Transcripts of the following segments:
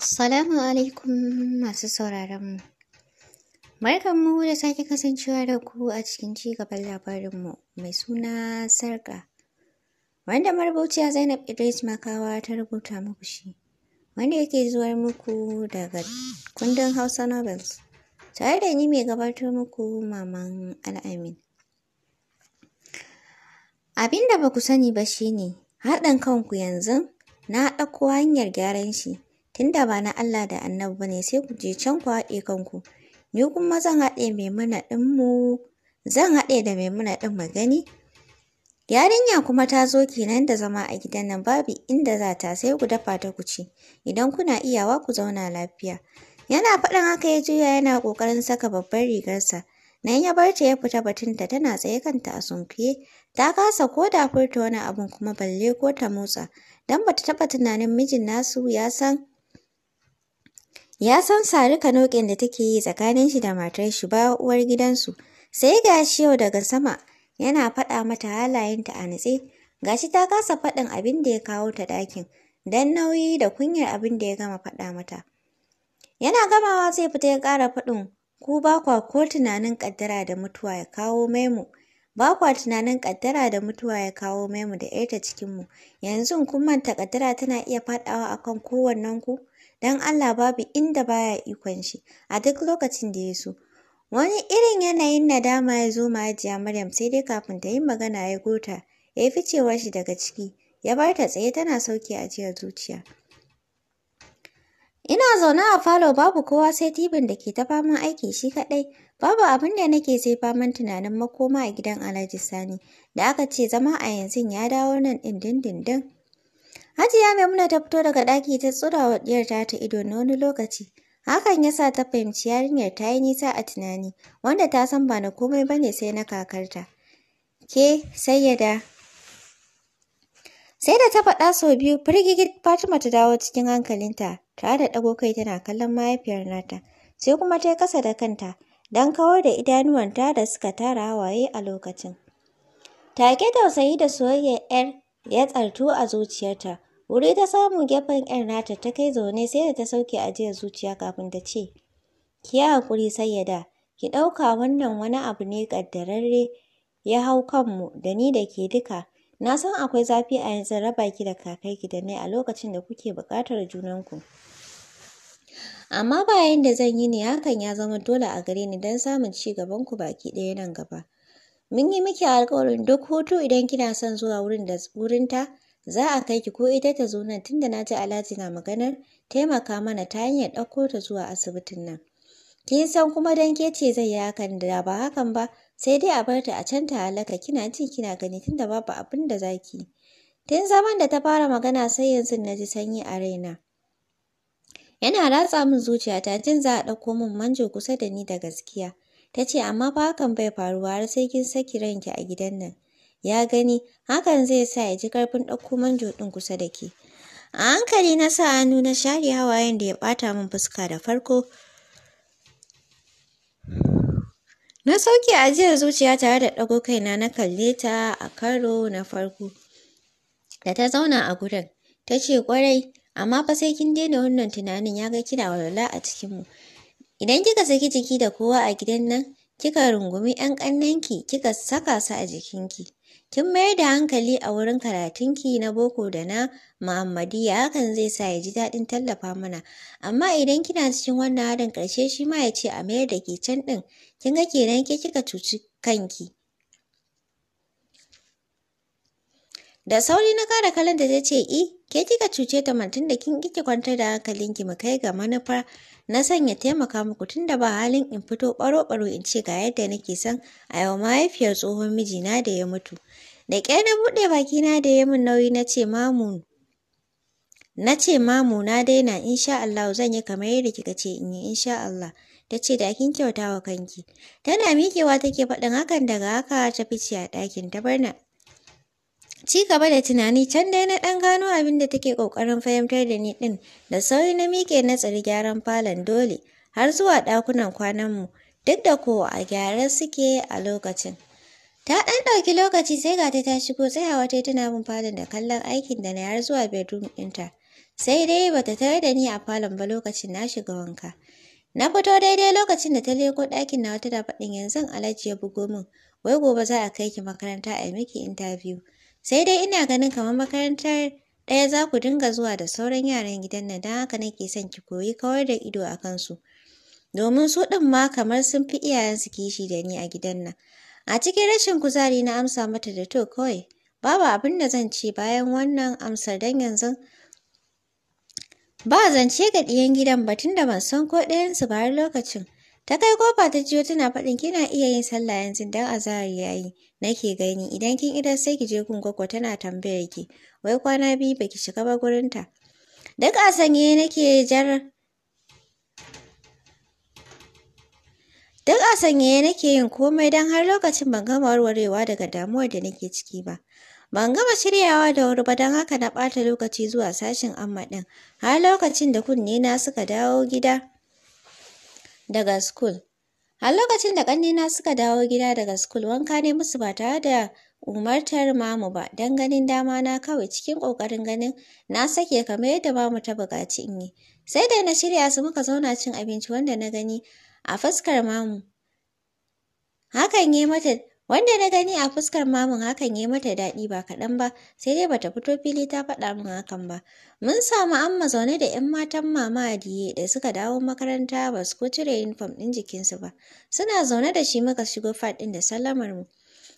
Assalamu alaikum masu sauraronmu. Barkanmu da sake kasancewa da ku a cikin ci cigaban labarinmu mai suna Sarka. Wanda marubuciya Zainab Idris Makawa ta rubuta muku shi, wanda yake zuwar muku daga kundin Hausa Novels, tare da ni mai gabatar muku Maman Al'amin. Abin da ba ku sani ba shi ne, haɗin kanku yanzu na ɗauko hanyar gyaran shi. da ba na Allah da annabi ba ne sai ku je can ku haɗe kanku. Ni kuma zan haɗe maimuna mu zan haɗe da maimuna ɗin mu gani. Yarinya kuma ta zo kenan da zama a gidan nan babu inda za ta sai ku dafa ta ku ci, idan kuna iyawa ku zauna lafiya. Yana faɗin haka ya juya yana ƙoƙarin saka babbar rigarsa. na ya bar ta ya fita batunta tana tsaye kanta a sunkuye, ta kasa ko da furta wani abun kuma balle ko ta motsa, don bata taɓa tunanin mijin nasu ya san Ya san sarika nokin da take yi tsakanin shi da matar shi ba uwar gidansu. Sai ga shi yau daga sama yana faɗa mata halayen ta a nutse. Gashi ta kasa faɗin abin da ya kawo ta ɗakin dan nauyi da kunyar abin da ya gama faɗa mata. Yana gamawa zai fita ya ƙara faɗin ku ba kwa ko tunanin ƙaddara da mutuwa ya kawo maimu. Ba kwa tunanin ƙaddara da mutuwa ya kawo mu da ‘yarta cikinmu, yanzu kun manta ƙaddara tana iya faɗawa akan kan ku, dan Allah babu inda baya ikon shi a duk lokacin da ya so. Wani irin yanayin nadama ya zo Hajiya Maryam sai dai kafin ta yi magana ya gota ya yi ficewar shi daga ciki ya bar ta tsaye tana a jiyar zuciya. Ina zaune a falo babu kowa sai tibin da ke ta faman aiki shi kaɗai, babu abin da nake sai faman tunanin makoma a gidan Alhaji Sani, da aka ce zama a yanzu ya dawo nan ɗin dindindin. Hajiya Maimuna ta fito daga ɗaki ta tsura wa diyar ta ta ido na wani lokaci. Hakan ya sa ta fahimci yarinyar ta yi nisa a tunani, wanda ta san ba na komai ba ne sai na kakarta. Ke sayyada. Sai da ta faɗa sau biyu, firgigit Fatima ta dawo cikin hankalinta, tare da ɗago kai tana kallon mahaifiyar nata, sai kuma ta yi ƙasa da kanta, don kawar da idanuwanta da suka tara waye a lokacin. Take tausayi da soyayyar ‘yar ya tsartu a zuciyarta, Wuri ta samu gefen ‘yar nata ta kai zaune sai da ta sauke ajiyar zuciya kafin ta ce, Ki yi haƙuri sayyada, ki ɗauka wannan wani abu ne ƙaddararre ya hau kanmu da ni da ke duka. Na san akwai zafi a yanzu raba ki da ki da ni a lokacin da kuke buƙatar junanku. Amma bayan da zan yi ne hakan ya zama dole a gare ni don samun ci gaban ku baki ɗaya nan gaba. Mun yi miki alƙawarin duk hutu idan kina son zuwa wurin ta. za a kai ki ko ita ta zo nan tunda na ji Alhaji na maganar taimaka mana ta hanyar ɗauko ta zuwa asibitin nan. Kin san kuma dan ke ce zai yi hakan da ba hakan ba sai dai a bar ta a can ta halaka kina ji kina gani tunda babu abin da za ki Tun zaman da ta fara magana sai yanzu na ji sanyi a raina. Yana ratsa min zuciyata jin za a ɗauko min manjo kusa da ni da gaskiya. Ta ce amma ba hakan bai faruwa har sai kin saki ranki a gidan nan. ya gani hakan zai sa ya ji karfin ɗauko manjo ɗin kusa da ke. A hankali na sa hannu na share hawayen da ya ɓata min fuska da farko. Na sauke ajiyar zuciya tare da ɗago kaina na kalle ta a karo na farko. Da ta zauna a gurin, ta ce ƙwarai, amma fa sai kin daina wannan tunanin ya ga kina walwala a cikinmu. Idan kika saki jiki da kowa a gidan nan, kika rungumi 'yan ƙannenki, kika saka su a jikinki. Kin mayar da hankali a wurin karatunki na boko da na muhammadiyya hakan zai sa ya ji daɗin tallafa mana. Amma idan kina cikin wannan haɗin ƙarshe shi ma ya ce a mayar da ke can ɗin, kin ga kenan ke kika cuci kanki. Da sauri na kara da ta ce, "I, eh, ke kika cuce ta man tunda kin kike kwantar da hankalinki mu kai ga manufa na sanya taimaka muku tunda ba halin in fito baro-baro in ce ga yadda nake son a yau mahaifiyar tsohon mijina da ya mutu." Da ƙyar na buɗe bakina da ya min nauyi na ce mamu. Na ce mamu na daina insha Allah zan yi kamar yadda kika ce in yi insha Allah. Ta ce da kin kyauta wa kanki. Tana miƙewa take faɗin hakan daga haka ta fice a ɗakin ta barna. Ci gaba da tunani can dai na ɗan gano abin da take ƙoƙarin fahimtar da ni ɗin da sauri na miƙe na tsari gyaran falon dole har zuwa ɗakunan kwananmu duk da ko a gyara suke a lokacin. Ta ɗan ɗauki lokaci sai ga ta shigo tsayawa ta tana min falon da kallon aikin da na yar zuwa bedroom ɗinta. Sai dai bata tare da ni a falon ba lokacin na shiga wanka. Na fito daidai lokacin da ta leko ɗakin wata da faɗin yanzu Alhaji ya bugo min. Wai gobe za a kai ki makaranta a yi miki interview. Sai dai ina ganin kamar makarantar ɗaya za ku dinga zuwa da sauran yaran gidan nan don haka nake son ki koyi kawar da ido a kansu. Domin su ɗin ma kamar sun fi iyayensu kishi da ni a gidan nan. A cikin rashin kuzari na amsa mata da to kawai, babu abin da zan ce bayan wannan amsar don yanzu ba zance ga ɗiyan gidan ba tun da ban san ko ɗayansu ba har lokacin. Ta kai kofa ta jiyo tana faɗin kina iya yin sallah yanzu dan azahar yi nake gani idan kin idan sai ki je kun gwaggo tana tambayar ki wai kwana biyu baki shiga ba gurinta. Duk a sanye nake jar Duk a sanyaye nake yin komai don har lokacin ban gama warwarewa daga damuwar da nake ciki ba. Ban gama shiryawa da wuri ba don haka na ɓata lokaci zuwa sashin amma ɗin har lokacin da kunne na suka dawo gida daga school. har lokacin da ƙannena suka dawo gida daga school wanka ne musu ba tare da umartar mamu ba don ganin dama na kawai cikin ƙoƙarin ganin na sake kamar yadda mamu ta buƙaci in yi. Sai da na shirya su muka zauna cin abinci wanda na gani a fuskar mamu. Hakan yi mata wanda na gani a fuskar mamun hakan yi mata daɗi ba kaɗan ba sai dai bata fito fili ta faɗa min hakan ba. Mun samu amma zaune da 'yan matan mama diye da suka dawo makaranta ba su ko cire yunifom ɗin jikinsu ba. Suna zaune da shi muka shigo fat ɗin da sallamar mu.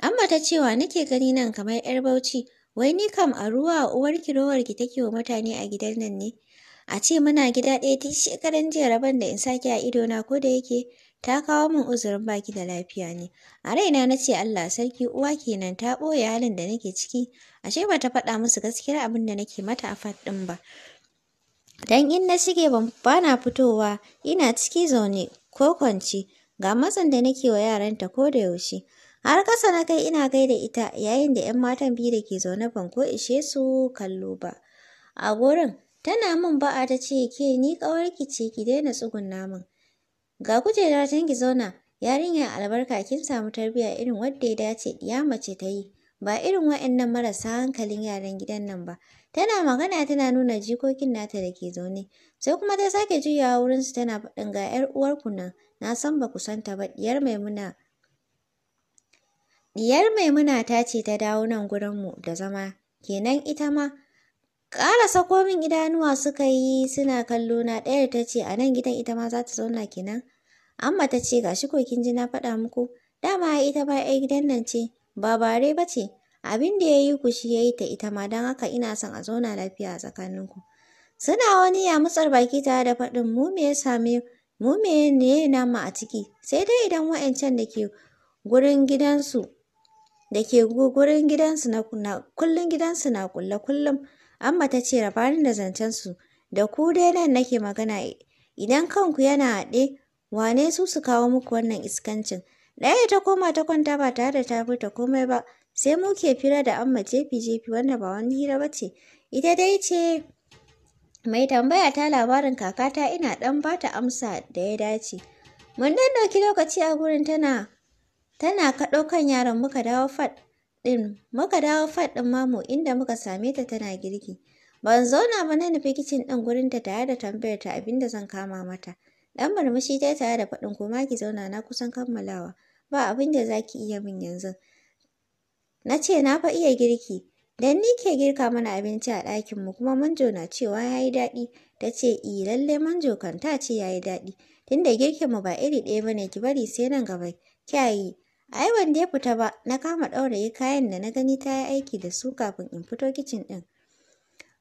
Amma ta cewa nake gani nan kamar 'yar Bauchi wai ni kam a ruwa uwar kirowar ki take wa mutane a gidan nan ne. A ce muna gida ɗaya tun shekaran jiya rabon da in sake a ido na ko da yake ta kawo min uzurin baki da lafiya ne. A raina na ce Allah sarki uwa kenan ta ɓoye halin da nake ciki, ashe ba ta faɗa musu gaskiya abin da nake mata a faɗin ba. Dan in na shige ban bana fitowa ina ciki zaune ko kwance ga matsin da nake wa yaranta ko da yaushe. Har ƙasa na kai ina gaida ita yayin da ‘yan matan biyu da ke zaune ban ko ishe su kallo ba. A gurin Tana min ba'a ta ce ke ni ƙawarki ce ki daina tsugunna min. Ga kujera tan ki zauna Yarinyar albarka kin samu tarbiyya irin wadda ya dace ya mace ta yi ba irin wa'annan marasa hankalin yaran gidan nan ba. Tana magana tana nuna jikokin nata da ke zaune. Sai kuma ta sake juyawa wurinsu tana faɗin ga 'yar uwarku nan na san ba ku santa ba diyar maimuna. Diyar maimuna ta ce ta dawo nan gurinmu da zama kenan ita ma Ƙara sako min idanuwa suka yi suna kallo na ɗaya ta ce a nan gidan ita ma za ta zauna kenan. Amma ta ce gashi ko kin ji na faɗa muku dama ita ba 'yar gidan nan ce ba bare ba ce abin da ya yi ku shi ya yi ta ita ma don haka ina son a zauna lafiya a tsakaninku. Suna wani yamutsar baki tare da faɗin mu me ya same mu me ne nama a ciki sai dai idan wa'ancan da ke gurin gidansu da ke gurin gidansu na kullum gidansu na kulle kullum Amma ta ce rabarin da zancensu, da ku dai nan nake magana idan kanku yana haɗe, wane su su kawo muku wannan iskancin. Ɗaya ta koma ta kwanta ba tare da ta furta komai ba, sai mu ke fira da amma jefi-jefi wanda ba wani hira ba ce. Ita dai ce mai tambaya ta labarin kakata ina ɗan ba ta amsa da ya dace. Mun ɗan ɗauki lokaci a gurin tana tana kaɗo kan yaron muka dawo fat ɗin muka dawo fat ɗin mamu inda muka same ta tana girki. Ban zauna ba na nufi kicin ɗin gurin ta tare da tambayar ta abin da zan kama mata. Dan murmushi ta tare da faɗin koma ki zauna na kusan kammalawa. Ba abin da za ki iya min yanzu. Na ce na fa iya girki. Dan ni ke girka mana abinci a ɗakin mu kuma manjo na cewa yayi daɗi. Ta ce i e, lallai manjo kan ta ce ya yi daɗi. Tunda girkin mu ba iri ɗaya ba ne ki bari sai nan gaba. Kyayi ai ban dai fita ba na kama ɗauraye kayan da na gani ta yi aiki da su kafin in fito kicin ɗin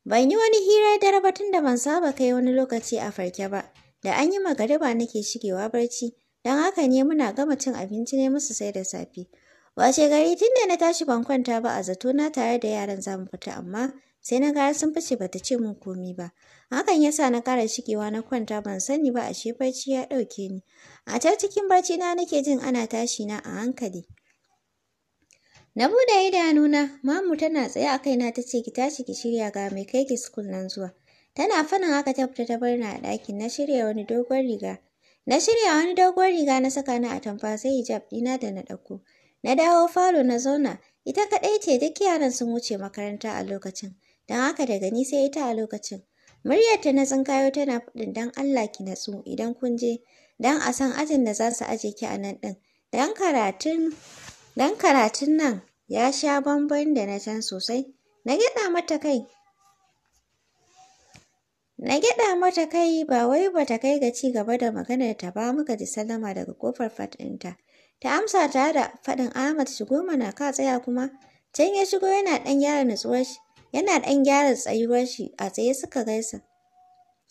ban yi wani hira da ba da ban saba kai wani lokaci a farke ba da an yi magariba nake shigewa barci don haka ne muna gama cin abinci ne musu sai da safe washe gari tun da na tashi ban kwanta ba a zato na tare da yaran za mu fita amma sai na gara sun fice bata ce mun komi ba Hakan ya sa na ƙara cikewa na kwanta ban sani ba ashe barci ya ɗauke ni. A ta cikin barci na nake jin ana tashi na a hankali. Na buɗe idanuna, mamu tana tsaye a kaina ta ce ki tashi ki shirya ga mai kai ki sukul nan zuwa. Tana fanin haka ta fita ta barna a ɗakin na shirya wani dogon riga. Na shirya wani dogon riga na saka ni a tamfa sai hijab ɗina da na ɗauko. Na dawo falo na zauna, ita kaɗai ce duk yaran sun wuce makaranta a lokacin, don haka daga ni sai ita a lokacin. muryar ta na tsinkayo tana faɗin dan Allah ki natsu idan kun je, don a san ajin da za su aje ki a nan ɗin. dan karatun, dan karatun nan ya sha bamban da na can sosai. Na gyaɗa mata kai. Na gyaɗa mata kai ba wai ba ta kai ga ci gaba da maganar ta ba muka ji sallama daga kofar fat ɗinta. Ta amsa ta da faɗin Ahmad shigo mana ka tsaya kuma. Can ya shigo yana ɗan gyara natsuwar shi. yana ɗan gyara tsayuwar shi a tsaye suka gaisa.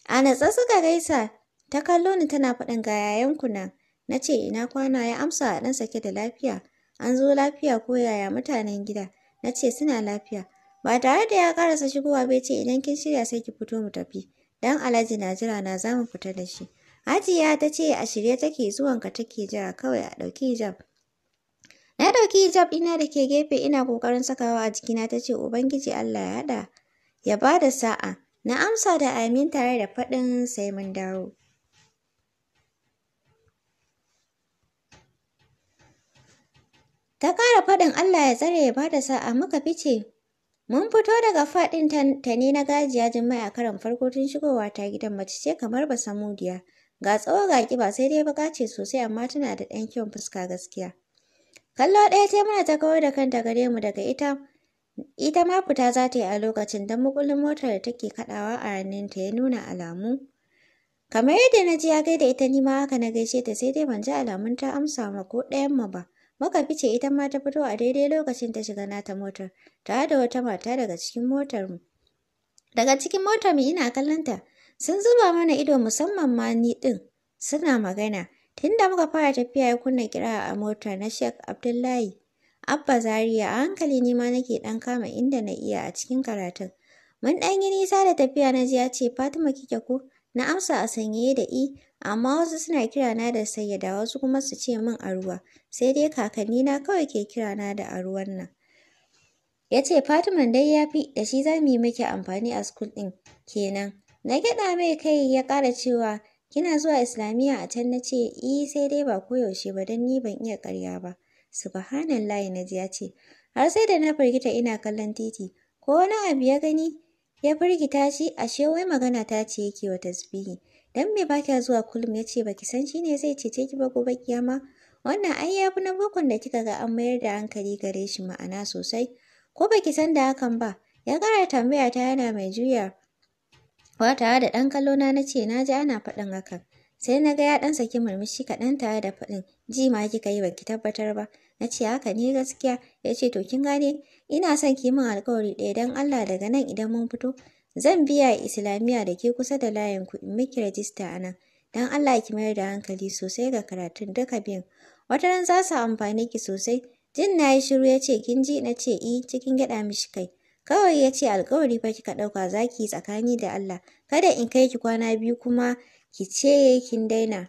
A natsa suka gaisa, ta kallo ni tana faɗin ga yayanku nan, na ce ina kwana ya amsa a ɗan sake da lafiya, an zo lafiya ko yaya mutanen gida, na ce suna lafiya. Ba tare da ya ƙarasa shigowa bai ce idan kin shirya sai ki fito mu tafi, dan Alhaji na jira na za mu fita da shi. Hajiya ta ce a shirye take zuwanka take jira kawai a ɗauki hijab. Na ɗauki hijab ina da ke gefe ina ƙoƙarin sakawa a jikina ta ce Ubangiji Allah ya haɗa, ya ba da sa'a. Na amsa da amin tare da faɗin sai mun dawo. Ta ƙara faɗin Allah ya tsare ya ba da sa'a muka fice. Mun fito daga faɗin tani na gajiya jimai a karan farko tun shigowa ta gidan mace ce kamar ba basamudiya. Ga tsawo ga ƙiba sai dai baka ce sosai amma tana da ɗan kyan fuska gaskiya. Kallo ɗaya ta mana ta kawar da kanta gare mu daga ita. Ita ma fita za ta yi a lokacin don mukullin motar da take kaɗawa a hannunta ya nuna alamu. Kamar yadda na ji ya gaida ita ni haka na gaishe ta sai dai ban ji alamun ta amsa ma ko ɗayan mu ba. Muka fice ita ma ta fito a daidai lokacin ta shiga nata motar tare da wata mata daga cikin motar mu. Daga cikin motar mu ina kallon ta. Sun zuba mana ido musamman ma ni ɗin. Suna magana. Tun da muka fara tafiya ya kunna kira a mota na Sheikh Abdullahi Abba Zaria a hankali ne ma nake ɗan kama inda na iya a cikin karatun. Mun ɗan yi nisa da tafiya na ji ya ce Fatima kike ko? Na amsa a sanyaye da i, e", amma wasu suna kira na da sayyada wasu kuma su ce min a ruwa, sai dai kakanni na kawai ke kira na da a ruwan nan. Ya ce Fatima dai ya fi da shi za mu yi miki amfani a skul ɗin kenan. Na gyaɗa mai kai ya ƙara cewa Kina zuwa Islamiyya a can na ce, I eh, sai dai ba koyaushe ba don ni ban iya karya ba. Subhanallahi na ji ce, har sai da na firgita ina kallon titi, ko wani abu ya gani ya firgita shi ashe wai magana ta ce yake wa tasbihi. Dan me ba zuwa kullum ya ce baki san shi ne zai cece ki ba gobe kiyama. Wannan ai na bukun da kika ga an mayar da hankali gare shi ma'ana sosai. Ko baki san da hakan ba, ya kara tambaya ta yana mai juyar. Kuwa tare da ɗan kallona na ce na ji ana faɗin hakan. Sai na ga ya ɗan saki murmushi kaɗan tare da faɗin ji ma kika yi baki tabbatar ba. Na ce haka ne gaskiya ya ce to kin gane ina son ki min alkawari ɗaya don Allah daga nan idan mun fito zan biya islamiyya da ke kusa da layin ku in miki rajista a nan. Don Allah ki mayar da hankali sosai ga karatun duka biyun. Wata ran za su amfani ki sosai. Jin na yi shiru ya ce kin ji na ce i eh, cikin gyaɗa mishi kai. Kawai ya ce alkawari fa kika ɗauka za ki tsakani da Allah, kada in kai ki kwana biyu kuma ki ce kin daina.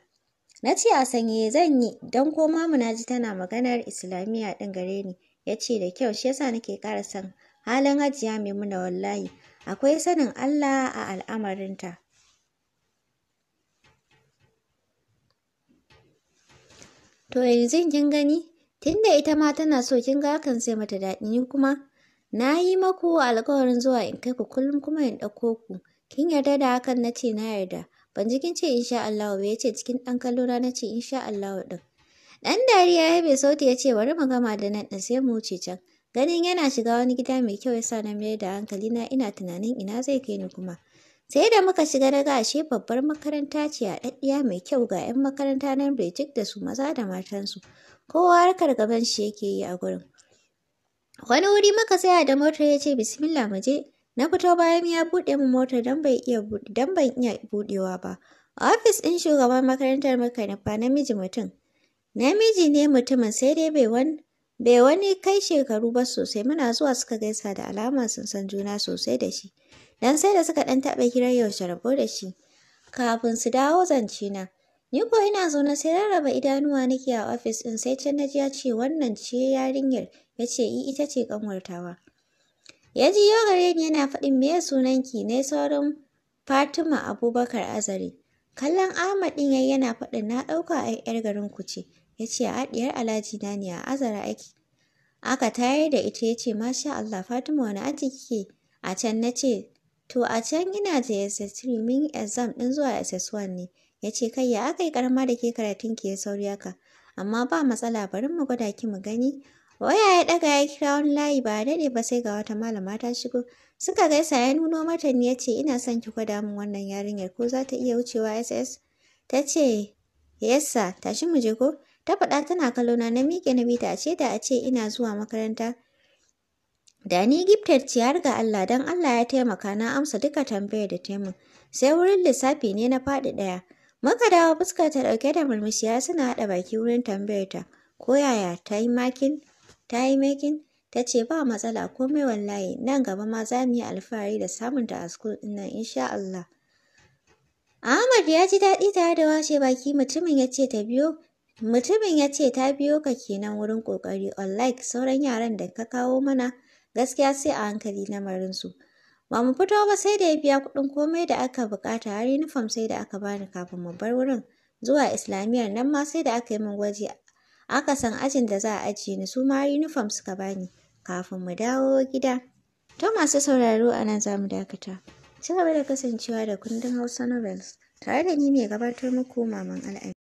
Na ce a sanye zan yi don ko mamu na ji tana maganar Islamiyya ɗin gare ni, ya ce da kyau shi yasa nake ƙara son halin hajiya mai muna wallahi, akwai sanin Allah a al'amarinta. To yanzu kin gani, tunda ita ma tana so kin ga hakan sai mata daɗi ni kuma Na yi maku alkawarin zuwa in kai ku kullum kuma in ɗauko ku. Kin yarda da hakan na ce na yarda. Ban ji kin ce insha Allahu ba ya ce cikin ɗan kallona na ce insha Allah ɗin. Ɗan dariya ya bai sauti ya ce bari mu gama da nan ɗin sai mu wuce can. Ganin yana shiga wani gida mai kyau yasa na mayar da hankali na ina tunanin ina zai kai ni kuma. Sai da muka shiga na ga ashe babbar makaranta ce a ɗaɗɗiya mai kyau ga 'yan makaranta nan Brejik da su maza da matansu. Kowa harkar gaban shi yake yi a gurin. Wani wuri muka tsaya da motar ya ce bismillah mu je. Na fito bayan ya buɗe mu motar don ban iya don ban iya buɗewa ba. Office ofis ɗin shugaban makarantar muka nufa namiji mutum. Namiji ne mutumin sai dai bai wani bai wani kai shekaru ba sosai muna zuwa suka gaisa da alama sun san juna sosai da shi. Dan sai da suka ɗan taɓa hirar yaushe rabo da shi. Kafin su dawo zance na. Ni ko ina zaune sai rarraba idanuwa nake a ofis ɗin sai can na ji ya ce wannan ce yarinyar ya ce i ita ce ƙanwartawa. Ya ji yogare ni yana faɗin me sunanki ne saurin Fatima Abubakar Azare. Kallon Ahmad ɗin yayi yana faɗin na ɗauka a ‘yar garin ku ce, ya ce a ɗiyar Alhaji na ne a Azara ake. Aka tayar da ita ya ce masha Allah Fatima wani aji kike a can na ce to a can ina da SS3 min exam ɗin zuwa SS1 ne. Ya ce kai ya aka yi ƙarama da ke karatun ki ya sauri haka amma ba matsala bari mu gwada ki mu gani Waya ya ɗaga ya kira wani layi ba daɗe ba sai ga wata malama ta shigo. Suka gaisa ya nuno mata ni ya ce ina son ki gwada min wannan yarinyar ko za ta iya wucewa SS. Ta ce yassa tashi mu je ko. Ta faɗa tana kallo na miƙe na bi a ce da a ce ina zuwa makaranta. Da ni gifted ce har ga Allah don Allah ya taimaka na amsa duka tambayar da taimun. Sai wurin lissafi ne na faɗi ɗaya. Muka dawo fuska ta ɗauke da murmushi ya suna haɗa baki wurin tambayar ta. Ko yaya ta yi makin? Ta yi makin? Ta ce ba matsala komai wallahi nan gaba ma za mu yi alfahari da samun ta a school ɗin nan insha Allah. Ahmad ya ji daɗi tare da washe baki mutumin ya ce ta biyo mutumin ya ce ta biyo ka kenan wurin ƙoƙari unlike sauran yaran da ka kawo mana gaskiya sai a hankali na marinsu. Ba mu fito ba sai da ya biya kuɗin komai da aka buƙata har uniform sai da aka bani kafin mu bar wurin. Zuwa Islamiyyar nan ma sai da aka yi min gwaji Aka san ajin da za a ajiye ni su ma uniform suka bani kafin mu dawo gida. To masu sauraro a nan za dakata. Ci gaba da kasancewa da kundin Hausa Novels tare da ni mai gabatar muku Maman al'adu.